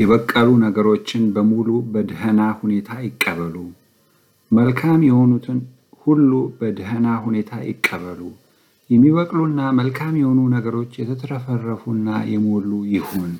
የበቀሉ ነገሮችን በሙሉ በደህና ሁኔታ ይቀበሉ። መልካም የሆኑትን ሁሉ በደህና ሁኔታ ይቀበሉ። የሚበቅሉና መልካም የሆኑ ነገሮች የተትረፈረፉና የሞሉ ይሁን።